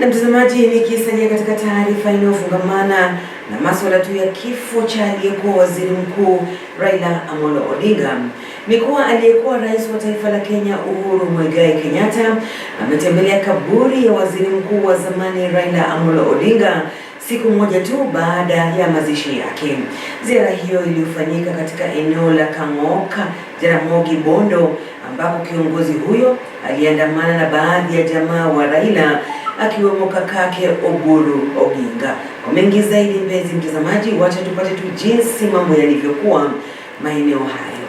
Na mtazamaji, nikisalia katika taarifa inayofungamana na masuala tu ya kifo cha aliyekuwa waziri mkuu Raila Amolo Odinga ni kuwa aliyekuwa rais wa taifa la Kenya Uhuru Muigai Kenyatta ametembelea kaburi ya waziri mkuu wa zamani Raila Amolo Odinga siku moja tu baada ya mazishi yake. Ziara hiyo iliyofanyika katika eneo la Kang'oka, Jaramogi Bondo, ambapo kiongozi huyo aliandamana na baadhi ya jamaa wa Raila akiwemo kakake Oburu Oginga. Kwa mengi zaidi, mpenzi mtazamaji, wacha tupate tu jinsi mambo yalivyokuwa maeneo haya.